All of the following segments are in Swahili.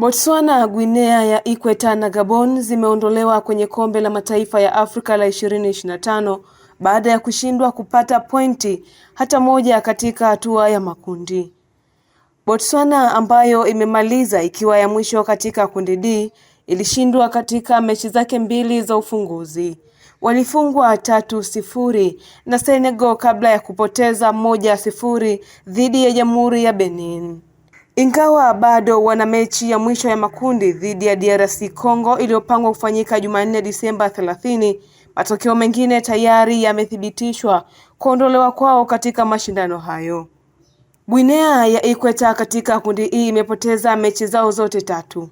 Botswana, Guinea ya Ikweta na Gabon zimeondolewa kwenye kombe la mataifa ya Afrika la 2025 baada ya kushindwa kupata pointi hata moja katika hatua ya makundi. Botswana ambayo imemaliza ikiwa ya mwisho katika kundi D ilishindwa katika mechi zake mbili za ufunguzi. Walifungwa tatu sifuri na Senegal kabla ya kupoteza moja sifuri dhidi ya Jamhuri ya Benin ingawa bado wana mechi ya mwisho ya makundi dhidi ya DRC Congo iliyopangwa kufanyika Jumanne Disemba 30, matokeo mengine tayari yamethibitishwa kuondolewa kwao katika mashindano hayo. Guinea ya Ikweta katika kundi hii e imepoteza mechi zao zote tatu.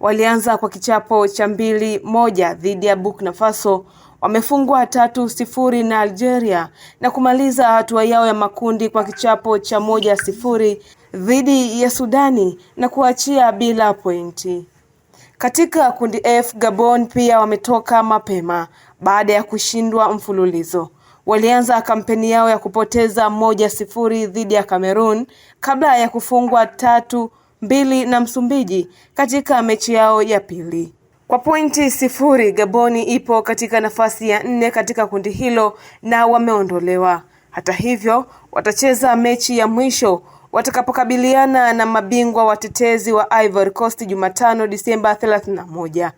Walianza kwa kichapo cha mbili moja dhidi ya Burkina Faso, wamefungwa tatu sifuri na Algeria na kumaliza hatua yao ya makundi kwa kichapo cha moja sifuri dhidi ya Sudani na kuachia bila pointi. Katika kundi F, Gabon pia wametoka mapema baada ya kushindwa mfululizo. Walianza kampeni yao ya kupoteza moja sifuri dhidi ya Cameroon kabla ya kufungwa tatu mbili na Msumbiji katika mechi yao ya pili. Kwa pointi sifuri, Gaboni ipo katika nafasi ya nne katika kundi hilo na wameondolewa. Hata hivyo, watacheza mechi ya mwisho watakapokabiliana na mabingwa watetezi wa Ivory Coast Jumatano Disemba 31.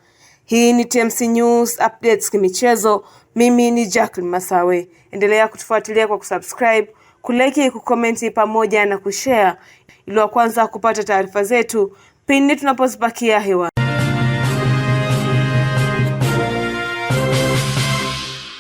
Hii ni TMC News Updates kimichezo. Mimi ni Jacqueline Masawe. Endelea kutufuatilia kwa kusubscribe, kulike, kukomenti pamoja na kushare ili wa kwanza kupata taarifa zetu pindi tunapozipakia hewa.